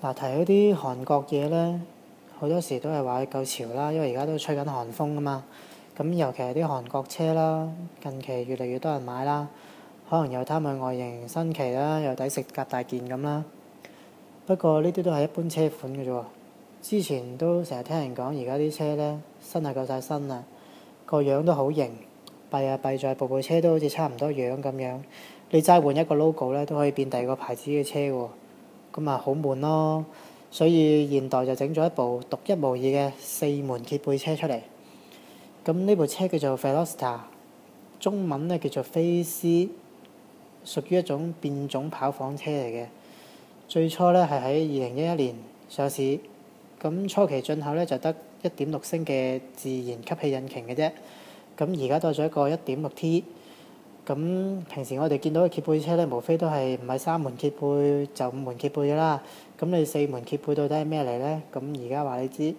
嗱，提嗰啲韓國嘢呢，好多時都係話夠潮啦，因為而家都吹緊韓風啊嘛。咁尤其係啲韓國車啦，近期越嚟越多人買啦，可能又貪佢外形新奇啦，又抵食夾大件咁啦。不過呢啲都係一般車款嘅啫喎。之前都成日聽人講，而家啲車呢，新啊夠晒新啦，個樣都好型，閉啊閉在部部車都好似差唔多樣咁樣。你齋換一個 logo 呢，都可以變第二個牌子嘅車喎。咁啊，好悶咯！所以現代就整咗一部獨一無二嘅四門揭背車出嚟。咁呢部車叫做 Veloster，中文呢叫做飛思，屬於一種變種跑房車嚟嘅。最初呢係喺二零一一年上市，咁初期進口呢就得一點六升嘅自然吸氣引擎嘅啫。咁而家多咗一個一點六 T。咁平時我哋見到嘅揭背車咧，無非都係唔係三門揭背就五門揭背嘅啦。咁你四門揭背到底係咩嚟呢？咁而家話你知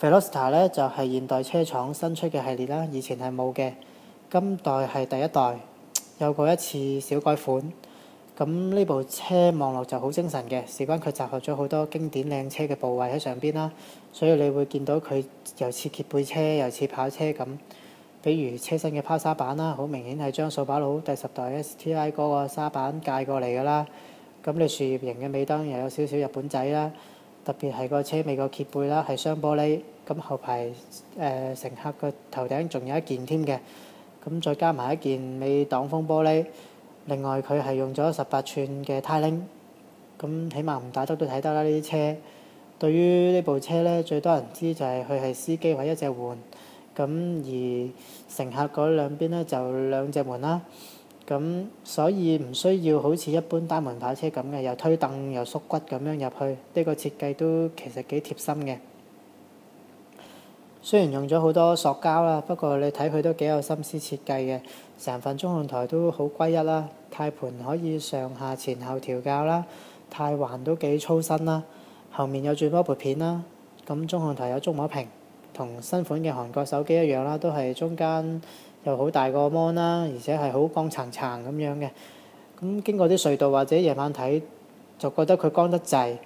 Veloster 咧就係、是、現代車廠新出嘅系列啦，以前係冇嘅。今代係第一代，有過一次小改款。咁呢部車望落就好精神嘅，事關佢集合咗好多經典靚車嘅部位喺上邊啦，所以你會見到佢又似揭背車又似跑車咁。比如車身嘅拋沙板啦，好明顯係將掃把佬第十代 STI 嗰個沙板介過嚟㗎啦。咁你樹葉型嘅尾燈又有少少日本仔啦，特別係個車尾個揭背啦，係雙玻璃。咁後排、呃、乘客個頭頂仲有一件添嘅，咁再加埋一件尾擋風玻璃。另外佢係用咗十八寸嘅呔鈴，咁起碼唔大燈都睇得啦。呢啲車對於呢部車呢，最多人知就係佢係司機位一隻換。咁而乘客嗰兩邊咧就兩隻門啦、啊，咁、嗯、所以唔需要好似一般單門跑車咁嘅，又推凳又縮骨咁樣入去，呢、這個設計都其實幾貼心嘅。雖然用咗好多塑膠啦，不過你睇佢都幾有心思設計嘅。成份中控台都好歸一啦、啊，軚盤可以上下前後調校啦、啊，軚環都幾粗身啦、啊，後面有轉波撥片啦、啊，咁、嗯、中控台有觸摸屏。同新款嘅韓國手機一樣啦，都係中間有好大個 mon 啦，而且係好光層層咁樣嘅。咁經過啲隧道或者夜晚睇，就覺得佢光得滯。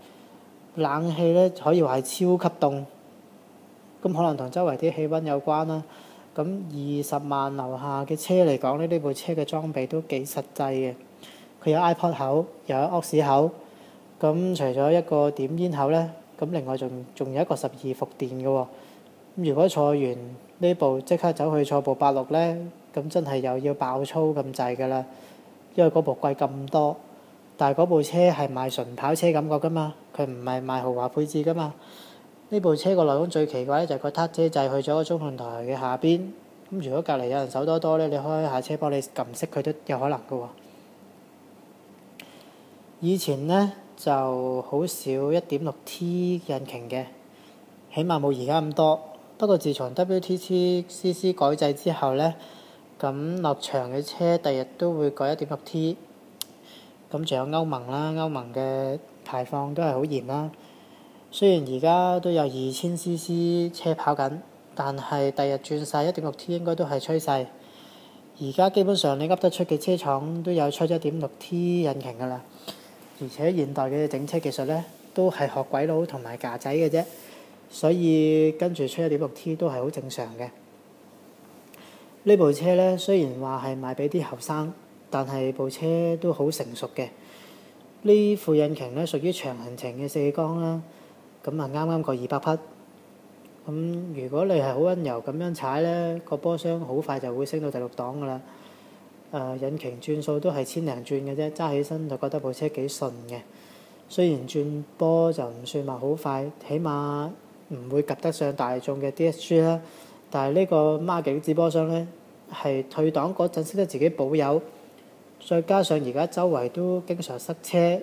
冷氣咧可以話係超級凍，咁可能同周圍啲氣温有關啦。咁二十萬樓下嘅車嚟講咧，呢部車嘅裝備都幾實際嘅。佢有 ipod 口，又有 aux 口，咁除咗一個點煙口咧，咁另外仲仲有一個十二伏電嘅喎。如果坐完呢部即刻走去坐部八六咧，咁真係又要爆粗咁滯噶啦！因為部貴咁多，但係部車係賣純跑車感覺噶嘛，佢唔係賣豪華配置噶嘛。呢部車個內功最奇怪咧，就係個撻車掣去咗個中控台嘅下邊，咁如果隔籬有人手多多咧，你開下車幫你撳熄佢都有可能噶喎。以前咧就好少一點六 T 引擎嘅，起碼冇而家咁多。不過自從 WTCC 改制之後呢，咁落場嘅車第日都會改一點六 T。咁仲有歐盟啦，歐盟嘅排放都係好嚴啦。雖然而家都有二千 CC 車跑緊，但係第日轉曬一點六 T 應該都係趨勢。而家基本上你噏得出嘅車廠都有出一點六 T 引擎噶啦。而且現代嘅整車技術呢，都係學鬼佬同埋架仔嘅啫。所以跟住出一點六 T 都係好正常嘅。呢部車呢，雖然話係賣俾啲後生，但係部車都好成熟嘅。呢副引擎呢，屬於長行程嘅四缸啦，咁啊啱啱過二百匹。咁、嗯、如果你係好溫柔咁樣踩呢，個波箱好快就會升到第六檔噶啦。誒引擎轉數都係千零轉嘅啫，揸起身就覺得部車幾順嘅。雖然轉波就唔算話好快，起碼～唔會及得上大眾嘅 D S G 啦，但係呢個孖 a r 波箱呢，直係退檔嗰陣識得自己保油，再加上而家周圍都經常塞車，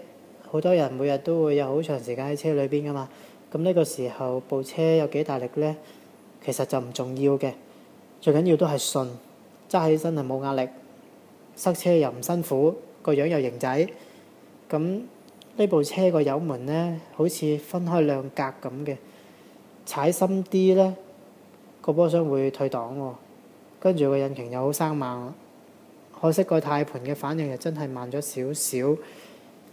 好多人每日都會有好長時間喺車裏邊㗎嘛。咁呢個時候部車有幾大力呢？其實就唔重要嘅，最緊要都係順，揸起身係冇壓力，塞車又唔辛苦，個樣又型仔。咁呢部車個油門呢，好似分開兩格咁嘅。踩深啲呢個波箱會退檔喎、哦。跟住個引擎又好生猛、哦，可惜個軚盤嘅反應又真係慢咗少少。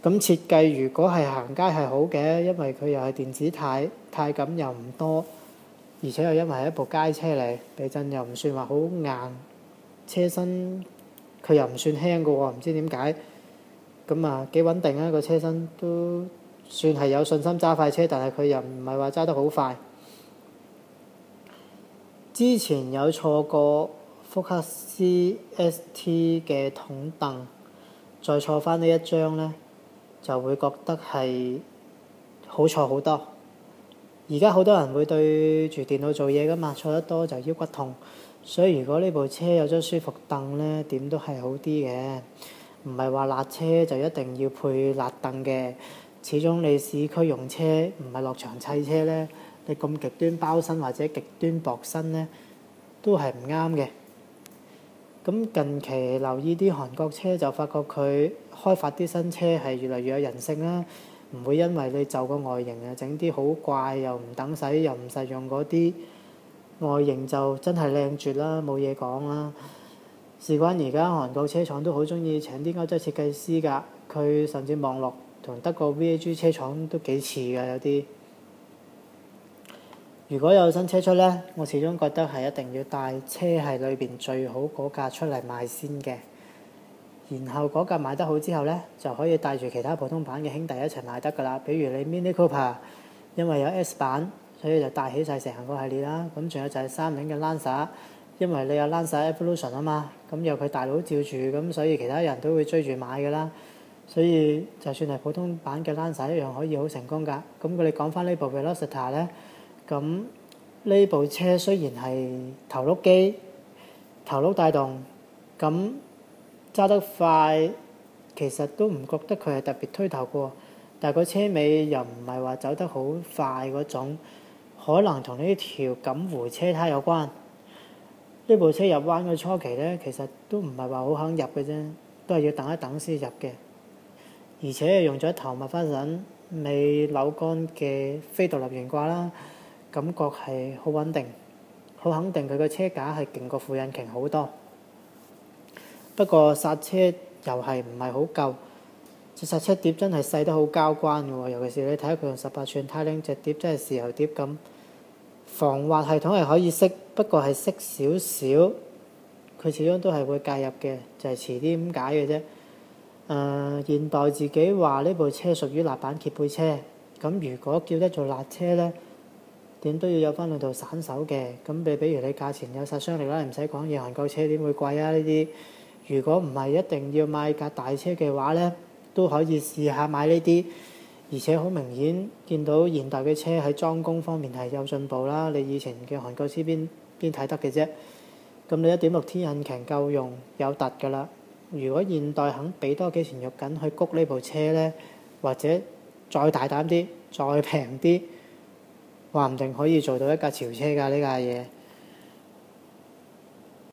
咁設計如果係行街係好嘅，因為佢又係電子軚，軚感又唔多，而且又因為係一部街車嚟，避震又唔算話好硬，車身佢又唔算輕㗎喎，唔知點解咁啊幾穩定啊，這個車身都算係有信心揸快車，但係佢又唔係話揸得好快。之前有坐過福克斯 ST 嘅筒凳，再坐返呢一張呢，就會覺得係好坐好多。而家好多人會對住電腦做嘢㗎嘛，坐得多就腰骨痛，所以如果呢部車有張舒服凳呢，點都係好啲嘅。唔係話辣車就一定要配辣凳嘅，始終你市區用車，唔係落場砌車呢。你咁極端包身或者極端薄身呢，都係唔啱嘅。咁近期留意啲韓國車就發覺佢開發啲新車係越嚟越有人性啦，唔會因為你就個外形啊，整啲好怪又唔等使又唔實用嗰啲外形，就真係靚絕啦，冇嘢講啦。事關而家韓國車廠都好中意請啲歐洲設計師㗎，佢甚至望落同德國 VAG 車廠都幾似㗎有啲。如果有新車出呢，我始終覺得係一定要帶車系裏邊最好嗰架出嚟賣先嘅。然後嗰架賣得好之後呢，就可以帶住其他普通版嘅兄弟一齊賣得㗎啦。比如你 Mini Cooper，因為有 S 版，所以就帶起晒成個系列啦。咁仲有就係三菱嘅 Lancer，因為你有 Lancer Evolution 啊嘛，咁有佢大佬照住，咁所以其他人都會追住買㗎啦。所以就算係普通版嘅 Lancer 一樣可以好成功㗎。咁佢哋講翻呢部 Veloster o 咧。咁呢部車雖然係頭碌機、頭碌帶動，咁揸得快，其實都唔覺得佢係特別推頭嘅喎。但係個車尾又唔係話走得好快嗰種，可能同呢條錦湖車胎有關。呢部車入彎嘅初期咧，其實都唔係話好肯入嘅啫，都係要等一等先入嘅。而且用咗頭麥花臣、尾扭桿嘅非獨立懸掛啦。感覺係好穩定，好肯定佢個車架係勁過副引擎好多。不過剎車又係唔係好夠，隻剎車碟真係細得好交關㗎喎。尤其是你睇下佢用十八吋呔鈴隻碟，真係豉油碟咁。防滑系統係可以熄，不過係熄少少，佢始終都係會介入嘅，就係、是、遲啲咁解嘅啫。誒、呃，現代自己話呢部車屬於辣版揭背車，咁如果叫得做辣車咧？點都要有翻兩度散手嘅，咁你比如你價錢有殺傷力啦，唔使講嘢，韓國車點會貴啊？呢啲如果唔係一定要買架大車嘅話呢，都可以試下買呢啲，而且好明顯見到現代嘅車喺裝工方面係有進步啦。你以前嘅韓國車邊邊睇得嘅啫？咁你一點六 T 引擎夠用有突㗎啦。如果現代肯俾多幾錢肉緊去谷呢部車呢，或者再大膽啲，再平啲。話唔定可以做到一架潮車噶呢架嘢。